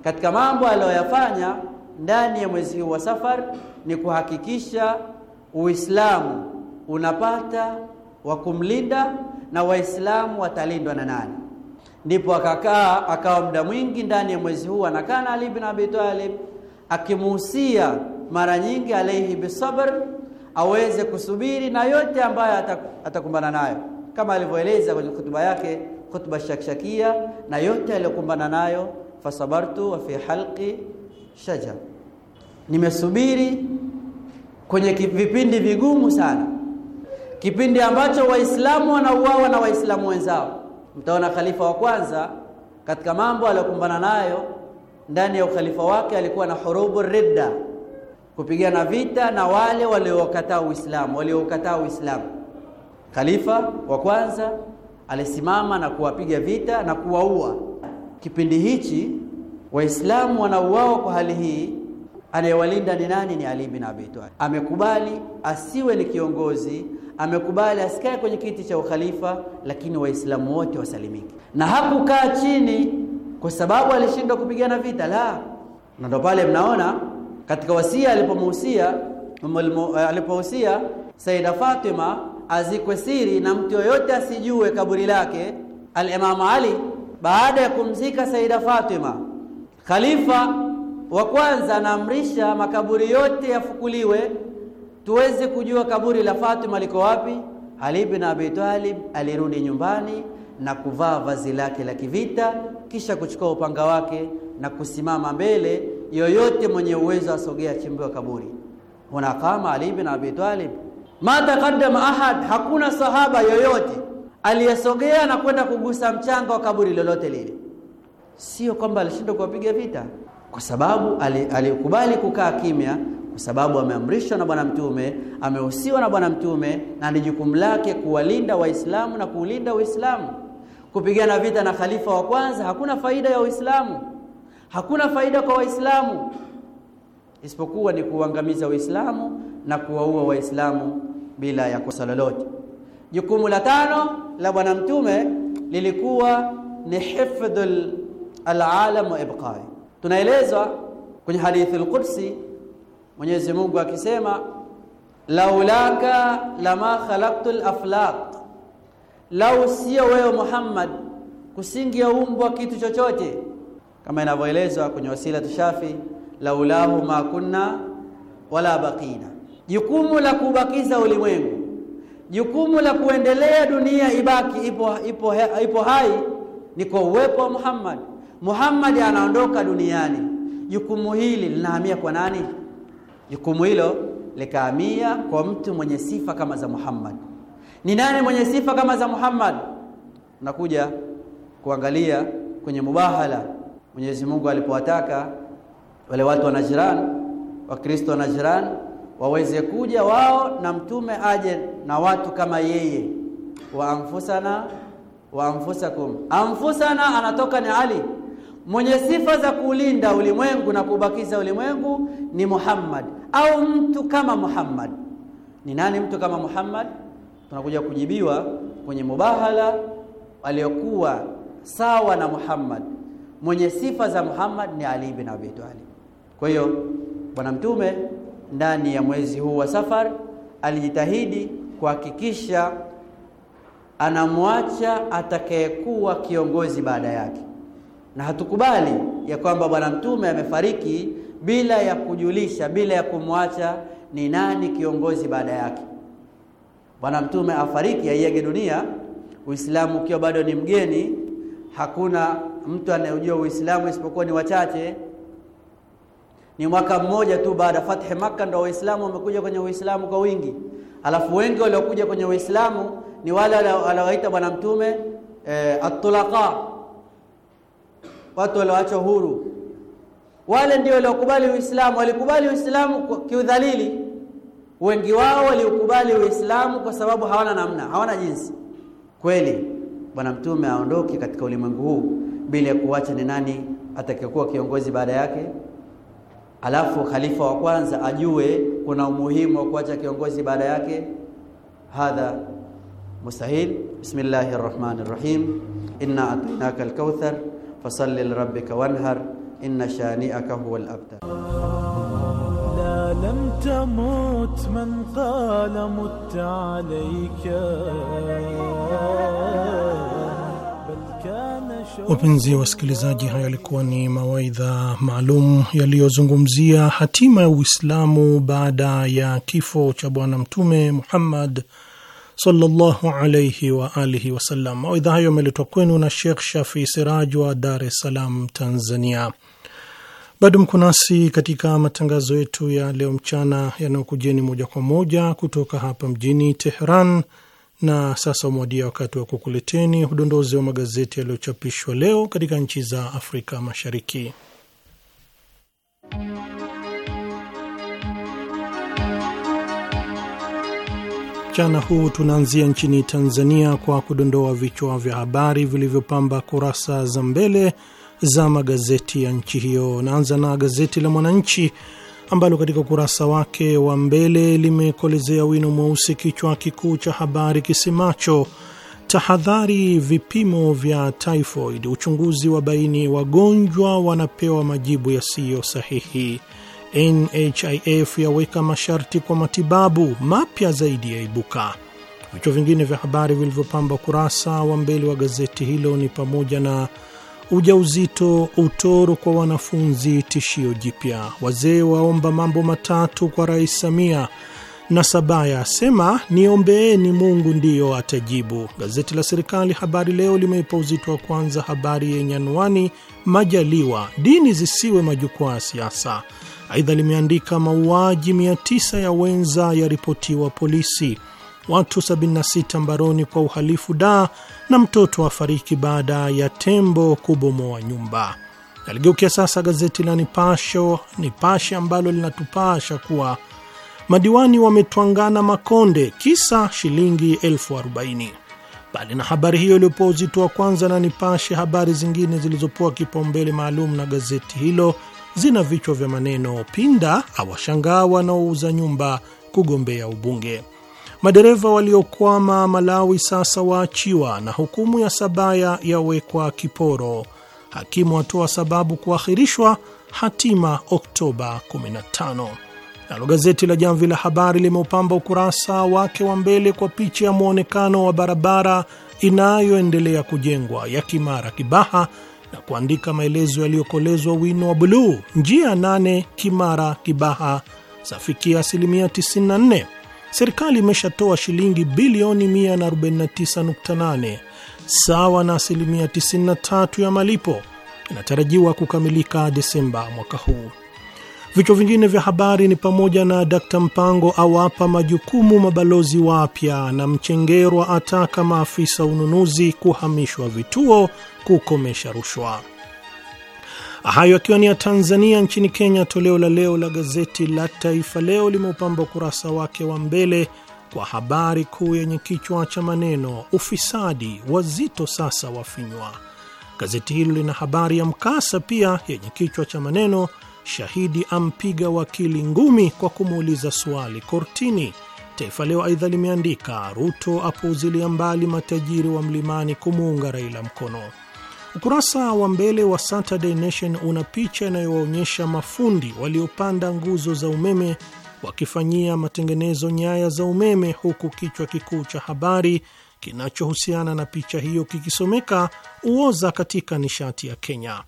katika mambo aliyoyafanya ndani ya mwezi huu wa Safar ni kuhakikisha Uislamu unapata wa kumlinda na Waislamu watalindwa na nani? Ndipo akakaa akawa muda mwingi ndani ya mwezi huu anakana Ali bin Abi Talib akimuhusia mara nyingi alaihi bisabr aweze kusubiri na yote ambayo atakumbana nayo, kama alivyoeleza kwenye hutuba yake, hutuba shakshakia, na yote aliyokumbana nayo, fasabartu wa fi halqi shajar, nimesubiri kwenye vipindi vigumu sana, kipindi ambacho Waislamu wanauawa na Waislamu wenzao. Mtaona khalifa wa kwanza katika mambo aliyokumbana nayo ndani ya ukhalifa wake alikuwa na hurubu ridda kupigana vita na wale waliokataa Uislamu, waliokataa Uislamu. Khalifa wa kwanza alisimama na kuwapiga vita na kuwaua. Kipindi hichi Waislamu wanauawa kwa hali hii, anayewalinda ni nani? Ni Ali bin Abi Talib. Amekubali asiwe ni kiongozi, amekubali asikae kwenye kiti cha ukhalifa, lakini Waislamu wote wasalimike, na hakukaa chini kwa sababu alishindwa kupigana vita, la. Na ndio pale mnaona katika wasia alipomuhusia eh, alipohusia Saida Fatima azikwe siri na mtu yoyote asijue kaburi lake, al Ali baada ya kumzika Saida Fatima, khalifa wa kwanza anaamrisha makaburi yote yafukuliwe tuweze kujua kaburi la Fatima liko wapi. Ali bin Abi Talib alirudi nyumbani na kuvaa vazi lake la kivita, kisha kuchukua upanga wake na kusimama mbele yoyote mwenye uwezo asogea chimbo ya kaburi. Huna kama Ali bin Abi Talib, ma taqaddama ahad, hakuna sahaba yoyote aliyesogea na kwenda kugusa mchanga wa kaburi lolote lile. Sio kwamba alishindwa kuwapiga vita, kwa sababu alikubali kukaa kimya, kwa sababu ameamrishwa na Bwana Mtume, amehusiwa na Bwana Mtume, na ni jukumu lake kuwalinda Waislamu na kuulinda Uislamu. Kupigana vita na khalifa wa kwanza hakuna faida ya Uislamu. Hakuna faida kwa Waislamu isipokuwa ni kuangamiza Waislamu na kuwaua Waislamu bila ya kosa lolote. Jukumu la tano la Bwana Mtume lilikuwa ni hifdhul alalam wa ibqai. Tunaelezwa kwenye hadithi al-Qudsi Mwenyezi Mungu akisema, laulaka lama khalaqtul aflaq, lau sio wewe Muhammad kusingia umbwa kitu chochote kama inavyoelezwa kwenye wasila tushafi laulahu ma kunna wala baqina. Jukumu la kubakiza ulimwengu, jukumu la kuendelea dunia ibaki ipo, ipo, ipo hai ni kwa uwepo wa Muhammad. Muhammad anaondoka duniani, jukumu hili linahamia kwa nani? Jukumu hilo likahamia kwa mtu mwenye sifa kama za Muhammad. Ni nani mwenye sifa kama za Muhammad? nakuja kuangalia kwenye mubahala Mwenyezi Mungu alipowataka wale watu wa Najran, Wakristo wa Najran waweze kuja wao na mtume aje na watu kama yeye, wa anfusana wa anfusakum. Anfusana anatoka ni Ali, mwenye sifa za kuulinda ulimwengu na kubakiza ulimwengu ni Muhammad au mtu kama Muhammad. Ni nani mtu kama Muhammad? Tunakuja kujibiwa kwenye mubahala aliyokuwa sawa na Muhammad mwenye sifa za Muhammad ni Ali bin Abi Talib. Kwa hiyo bwana mtume ndani ya mwezi huu wa Safar alijitahidi kuhakikisha anamwacha atakayekuwa kiongozi baada yake, na hatukubali ya kwamba bwana mtume amefariki bila ya kujulisha, bila ya kumwacha ni nani kiongozi baada yake. Bwana mtume afariki, aiage dunia, Uislamu ukiwa bado ni mgeni, hakuna mtu anayejua Uislamu isipokuwa ni wachache. Ni mwaka mmoja tu baada fathi Makka ndio Waislamu wamekuja kwenye Uislamu kwa wingi, alafu wengi waliokuja kwenye Uislamu ni wale waliowaita Bwana Mtume e, eh, atulaqa, watu walioachwa huru. Wale ndio waliokubali Uislamu, walikubali Uislamu kiudhalili. Wengi wao waliukubali Uislamu kwa sababu hawana namna, hawana jinsi. Kweli Bwana Mtume aondoke katika ulimwengu huu bila kuacha ni nani atakayekuwa kiongozi baada yake alafu khalifa wa kwanza ajue kuna umuhimu wa kuacha kiongozi baada yake hadha mustahil bismillahir rahmanir rahim inna atainaka alkauthar fasalli lirabbika wanhar inna shani'aka huwal abtar لا لم تموت من قال مت عليك Wapenzi wasikilizaji, hayo yalikuwa ni mawaidha maalum yaliyozungumzia hatima ya Uislamu baada ya kifo cha Bwana Mtume Muhammad sallallahu alaihi wa alihi wasallam. Mawaidha hayo yameletwa kwenu na Shekh Shafi Siraj wa Dar es Salaam, Tanzania. Bado mko nasi katika matangazo yetu ya leo mchana yanayokujeni moja kwa moja kutoka hapa mjini Teheran na sasa umewadia wakati wa kukuleteni udondozi wa magazeti yaliyochapishwa leo katika nchi za Afrika Mashariki. Mchana huu tunaanzia nchini Tanzania kwa kudondoa vichwa vya habari vilivyopamba kurasa za mbele za magazeti ya nchi hiyo. Naanza na gazeti la Mwananchi ambalo katika ukurasa wake wa mbele limekolezea wino mweusi kichwa kikuu cha habari kisemacho tahadhari, vipimo vya typhoid, uchunguzi wa baini wagonjwa wanapewa majibu yasiyo sahihi, NHIF yaweka masharti kwa matibabu mapya zaidi yaibuka. Vichwa vingine vya habari vilivyopamba ukurasa wa mbele wa gazeti hilo ni pamoja na Ujauzito utoro kwa wanafunzi tishio jipya. Wazee waomba mambo matatu kwa Rais Samia, na Sabaya asema niombeeni Mungu ndiyo atajibu. Gazeti la serikali Habari Leo limeipa uzito wa kwanza habari yenye anwani Majaliwa, dini zisiwe majukwaa ya siasa. Aidha limeandika mauaji 9 ya wenza yaripotiwa polisi watu 76 mbaroni kwa uhalifu da na mtoto afariki baada ya tembo kubomoa nyumba. Naligeukia sasa gazeti la Nipasho, Nipashe ambalo linatupasha kuwa madiwani wametwangana makonde kisa shilingi elfu arobaini. Mbali na habari hiyo iliyopewa uzito wa kwanza na Nipashe, habari zingine zilizopewa kipaumbele maalum na gazeti hilo zina vichwa vya maneno: Pinda awashangaa wanaouza nyumba kugombea ubunge Madereva waliokwama Malawi sasa waachiwa na hukumu ya Sabaya yawekwa kiporo. Hakimu atoa sababu kuahirishwa hatima Oktoba 15. Nalo gazeti la Jamvi la Habari limeupamba ukurasa wake wa mbele kwa picha ya mwonekano wa barabara inayoendelea kujengwa ya Kimara Kibaha na kuandika maelezo yaliyokolezwa wino wa buluu. Njia nane Kimara Kibaha zafikia asilimia 94 serikali imeshatoa shilingi bilioni 149.8 sawa na asilimia 93 ya malipo. Inatarajiwa kukamilika Desemba mwaka huu. Vichwa vingine vya habari ni pamoja na Dkt Mpango awapa majukumu mabalozi wapya na Mchengerwa ataka maafisa ununuzi kuhamishwa vituo kukomesha rushwa. Hayo akiwa ni ya Tanzania. Nchini Kenya, toleo la leo la gazeti la Taifa Leo limeupamba ukurasa wake wa mbele kwa habari kuu yenye kichwa cha maneno ufisadi wazito sasa wafinywa. Gazeti hilo lina habari ya mkasa pia yenye kichwa cha maneno shahidi ampiga wakili ngumi kwa kumuuliza swali kortini. Taifa Leo aidha limeandika Ruto apuuzilia mbali matajiri wa mlimani kumuunga Raila mkono. Ukurasa wa mbele wa Saturday Nation una picha inayowaonyesha mafundi waliopanda nguzo za umeme wakifanyia matengenezo nyaya za umeme, huku kichwa kikuu cha habari kinachohusiana na picha hiyo kikisomeka uoza katika nishati ya Kenya.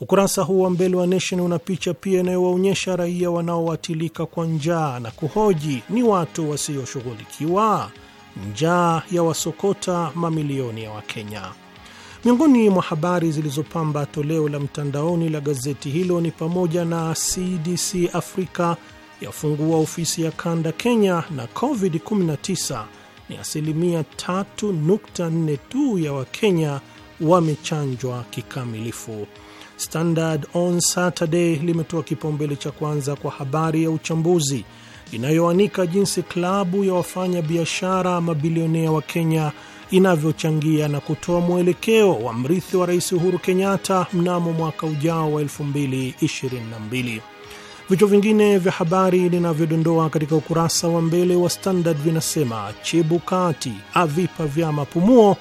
Ukurasa huu wa mbele wa Nation una picha pia inayowaonyesha raia wanaowatilika kwa njaa na kuhoji ni watu wasioshughulikiwa. Njaa ya wasokota mamilioni ya Wakenya. Miongoni mwa habari zilizopamba toleo la mtandaoni la gazeti hilo ni pamoja na CDC Afrika yafungua ofisi ya kanda Kenya na COVID-19 ni asilimia 3.4 tu ya Wakenya wamechanjwa kikamilifu. Standard on Saturday limetoa kipaumbele cha kwanza kwa habari ya uchambuzi inayoanika jinsi klabu ya wafanya biashara mabilionea wa Kenya inavyochangia na kutoa mwelekeo wa mrithi wa Rais Uhuru Kenyatta mnamo mwaka ujao wa 2022. Vichwa vingine vya habari linavyodondoa katika ukurasa wa mbele wa Standard vinasema Chebukati avipa vya mapumuo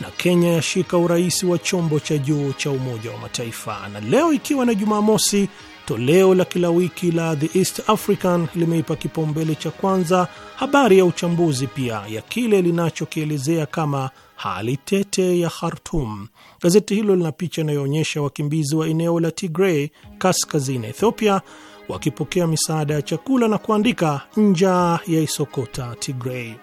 na Kenya yashika urais wa chombo cha juu cha Umoja wa Mataifa. Na leo ikiwa na Jumamosi Toleo la kila wiki la The East African limeipa kipaumbele cha kwanza habari ya uchambuzi pia ya kile linachokielezea kama hali tete ya Khartum. Gazeti hilo lina picha inayoonyesha wakimbizi wa eneo la Tigray kaskazini Ethiopia wakipokea misaada ya chakula na kuandika njaa ya isokota Tigray.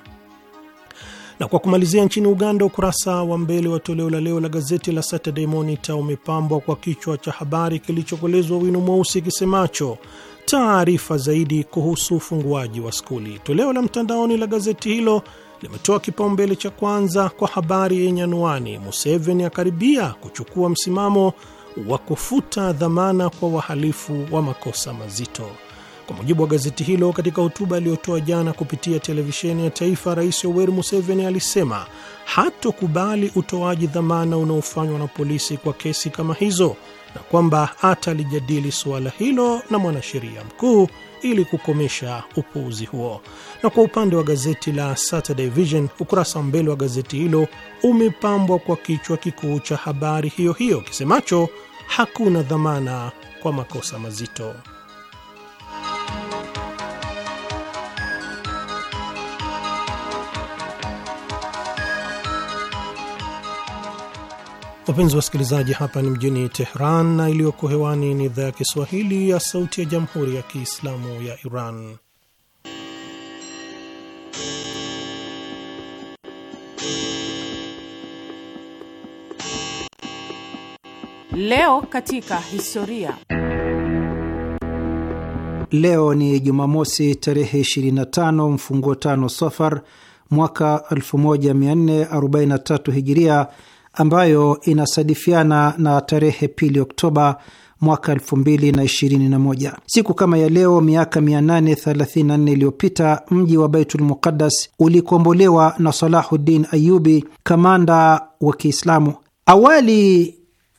Na kwa kumalizia, nchini Uganda, ukurasa wa mbele wa toleo la leo la gazeti la Saturday Monitor umepambwa kwa kichwa cha habari kilichokolezwa wino mweusi kisemacho taarifa zaidi kuhusu ufunguaji wa skuli. Toleo la mtandaoni la gazeti hilo limetoa kipaumbele cha kwanza kwa habari yenye anwani Museveni akaribia kuchukua msimamo wa kufuta dhamana kwa wahalifu wa makosa mazito. Kwa mujibu wa gazeti hilo, katika hotuba aliyotoa jana kupitia televisheni ya taifa, Rais Yoweri Museveni alisema hatokubali utoaji dhamana unaofanywa na polisi kwa kesi kama hizo na kwamba atalijadili suala hilo na mwanasheria mkuu ili kukomesha upuuzi huo. Na kwa upande wa gazeti la Saturday Vision, ukurasa mbele wa gazeti hilo umepambwa kwa kichwa kikuu cha habari hiyo hiyo kisemacho hakuna dhamana kwa makosa mazito. Wapenzi wasikilizaji, hapa ni mjini Tehran na iliyoko hewani ni idhaa ya Kiswahili ya Sauti ya Jamhuri ya Kiislamu ya Iran. Leo katika historia. Leo ni Jumamosi tarehe 25 mfunguo tano Safar mwaka 1443 Hijiria ambayo inasadifiana na tarehe pili Oktoba mwaka moja. Siku kama ya leo miaka 834 iliyopita mji wa Baitul Muqaddas ulikombolewa na Salahuddin Ayubi, kamanda wa Kiislamu. Awali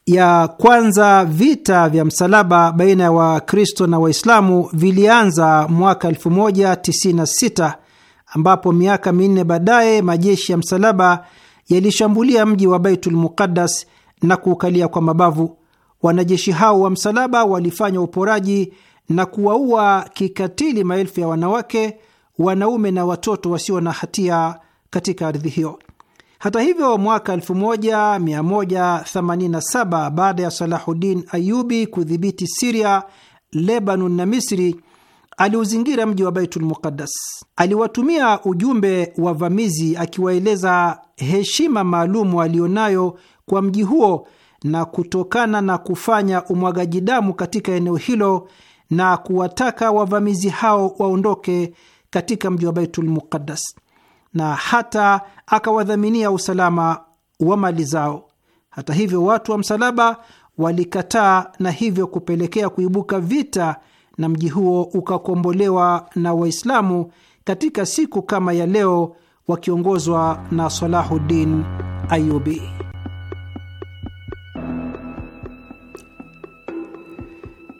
ya kwanza vita vya msalaba baina ya Wakristo na Waislamu vilianza mwaka 1096 ambapo miaka minne baadaye majeshi ya msalaba yalishambulia mji wa Baitul Muqaddas na kuukalia kwa mabavu. Wanajeshi hao wa msalaba walifanya uporaji na kuwaua kikatili maelfu ya wanawake, wanaume na watoto wasio na hatia katika ardhi hiyo. Hata hivyo, mwaka 1187 baada ya Salahuddin Ayubi kudhibiti Siria, Lebanon na Misri, aliuzingira mji wa Baitul Muqaddas. Aliwatumia ujumbe wavamizi akiwaeleza heshima maalumu aliyonayo kwa mji huo na kutokana na kufanya umwagaji damu katika eneo hilo na kuwataka wavamizi hao waondoke katika mji wa Baitul Muqaddas, na hata akawadhaminia usalama wa mali zao. Hata hivyo, watu wa msalaba walikataa na hivyo kupelekea kuibuka vita na mji huo ukakombolewa na Waislamu katika siku kama ya leo wakiongozwa na Salahuddin Ayubi.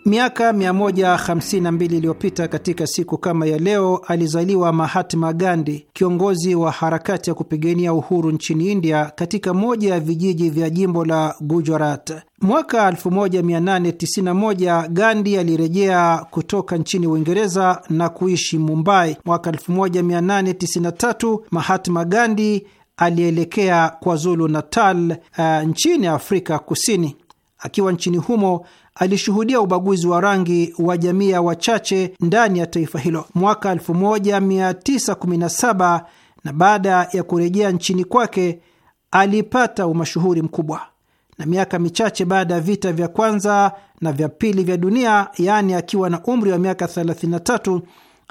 Miaka 152 iliyopita katika siku kama ya leo alizaliwa Mahatma Gandhi, kiongozi wa harakati ya kupigania uhuru nchini India, katika moja ya vijiji vya jimbo la Gujarat. Mwaka 1891 Gandhi alirejea kutoka nchini Uingereza na kuishi Mumbai. Mwaka 1893 Mahatma Gandhi alielekea KwaZulu Natal, uh, eh, nchini Afrika Kusini. Akiwa nchini humo alishuhudia ubaguzi wa rangi wa jamii ya wachache ndani ya taifa hilo. Mwaka 1917 na baada ya kurejea nchini kwake alipata umashuhuri mkubwa, na miaka michache baada ya vita vya kwanza na vya pili vya dunia, yaani akiwa na umri wa miaka 33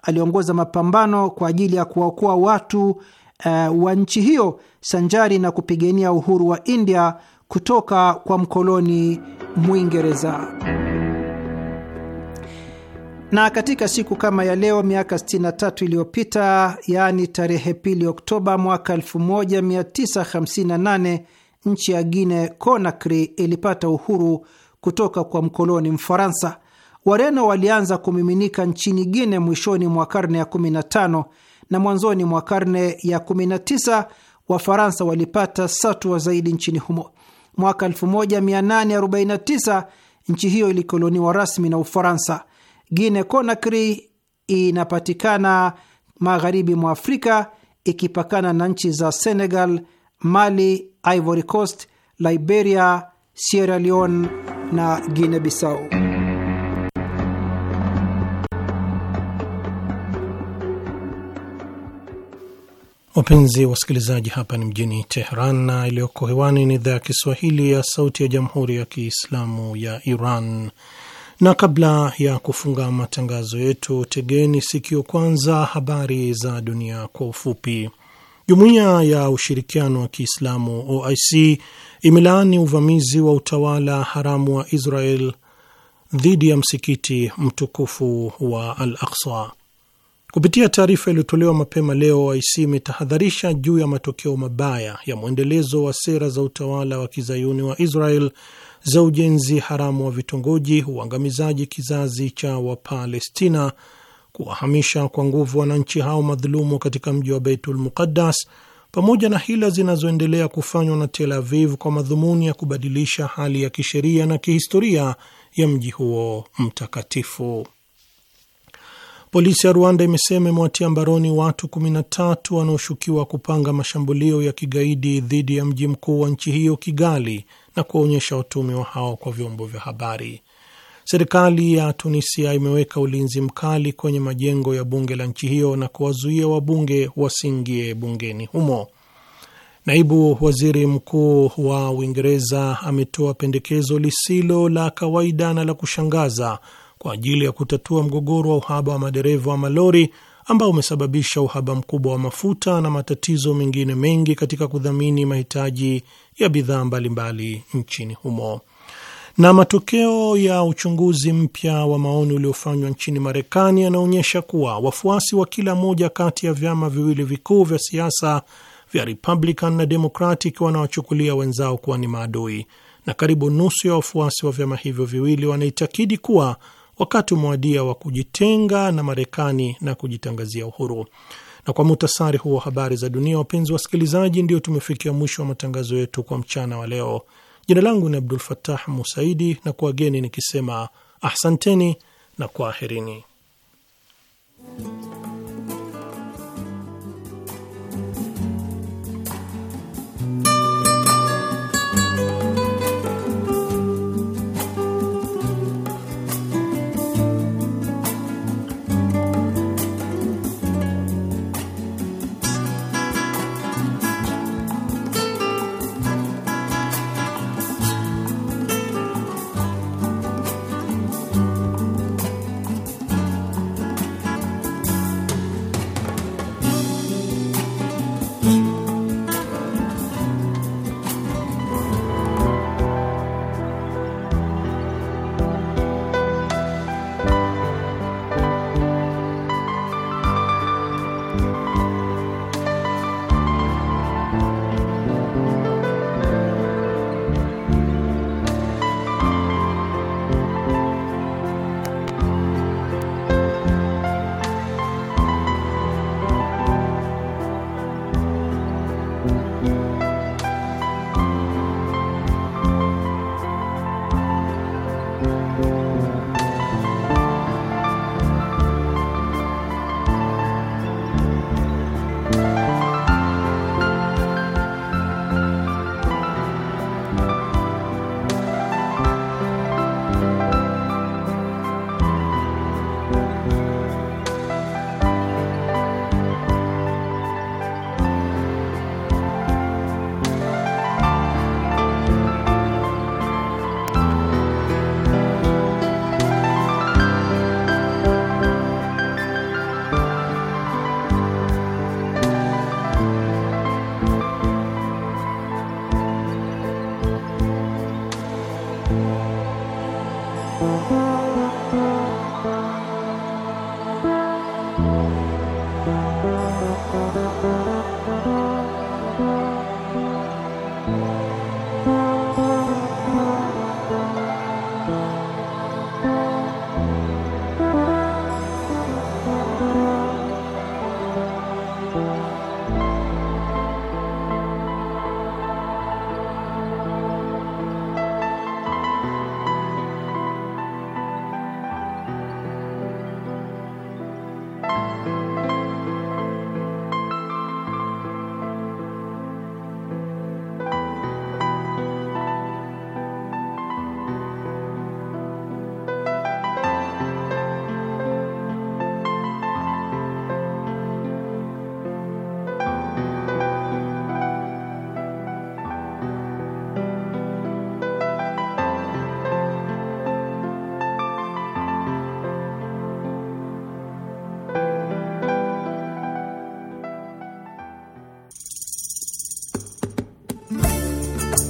aliongoza mapambano kwa ajili ya kuwaokoa watu uh, wa nchi hiyo sanjari na kupigania uhuru wa India kutoka kwa mkoloni Mwingereza. Na katika siku kama ya leo miaka 63 iliyopita, yaani tarehe pili Oktoba mwaka 1958 nchi ya guine Conakry ilipata uhuru kutoka kwa mkoloni Mfaransa. Wareno walianza kumiminika nchini guine mwishoni mwa karne ya 15 na mwanzoni mwa karne ya 19 Wafaransa walipata satua zaidi nchini humo mwaka 1849 nchi hiyo ilikoloniwa rasmi na Ufaransa. Guine Conakry inapatikana magharibi mwa Afrika ikipakana na nchi za Senegal, Mali, Ivory Coast, Liberia, Sierra Leone na Guinea Bissau. Wapenzi wasikilizaji, hapa ni mjini Teheran na iliyoko hewani ni idhaa ya Kiswahili ya Sauti ya Jamhuri ya Kiislamu ya Iran. Na kabla ya kufunga matangazo yetu, tegeni sikio kwanza habari za dunia kwa ufupi. Jumuiya ya Ushirikiano wa Kiislamu OIC imelaani uvamizi wa utawala haramu wa Israel dhidi ya msikiti mtukufu wa Al Aqsa. Kupitia taarifa iliyotolewa mapema leo, IC imetahadharisha juu ya matokeo mabaya ya mwendelezo wa sera za utawala wa kizayuni wa Israel za ujenzi haramu wa vitongoji, uangamizaji kizazi cha Wapalestina, kuwahamisha kwa nguvu wananchi hao madhulumu katika mji wa Beitul Muqaddas, pamoja na hila zinazoendelea kufanywa na Tel Aviv kwa madhumuni ya kubadilisha hali ya kisheria na kihistoria ya mji huo mtakatifu. Polisi ya Rwanda imesema imewatia mbaroni watu 13 wanaoshukiwa kupanga mashambulio ya kigaidi dhidi ya mji mkuu wa nchi hiyo Kigali, na kuwaonyesha watumiwa hao kwa vyombo vya habari. Serikali ya Tunisia imeweka ulinzi mkali kwenye majengo ya bunge la nchi hiyo na kuwazuia wabunge wasiingie bungeni humo. Naibu waziri mkuu wa Uingereza ametoa pendekezo lisilo la kawaida na la kushangaza kwa ajili ya kutatua mgogoro wa uhaba wa madereva wa malori ambao umesababisha uhaba mkubwa wa mafuta na matatizo mengine mengi katika kudhamini mahitaji ya bidhaa mbalimbali nchini humo. Na matokeo ya uchunguzi mpya wa maoni uliofanywa nchini Marekani yanaonyesha kuwa wafuasi wa kila moja kati ya vyama viwili vikuu vya siasa vya Republican na Democratic wanawachukulia wenzao kuwa ni maadui, na karibu nusu ya wafuasi wa vyama hivyo viwili wanaitakidi kuwa wakati umewadia wa kujitenga na Marekani na kujitangazia uhuru. Na kwa muhtasari huo habari za dunia, wapenzi wasikilizaji, ndio tumefikia mwisho wa matangazo yetu kwa mchana wa leo. Jina langu ni Abdul fatah Musaidi na kuwageni nikisema ahsanteni na kwaherini.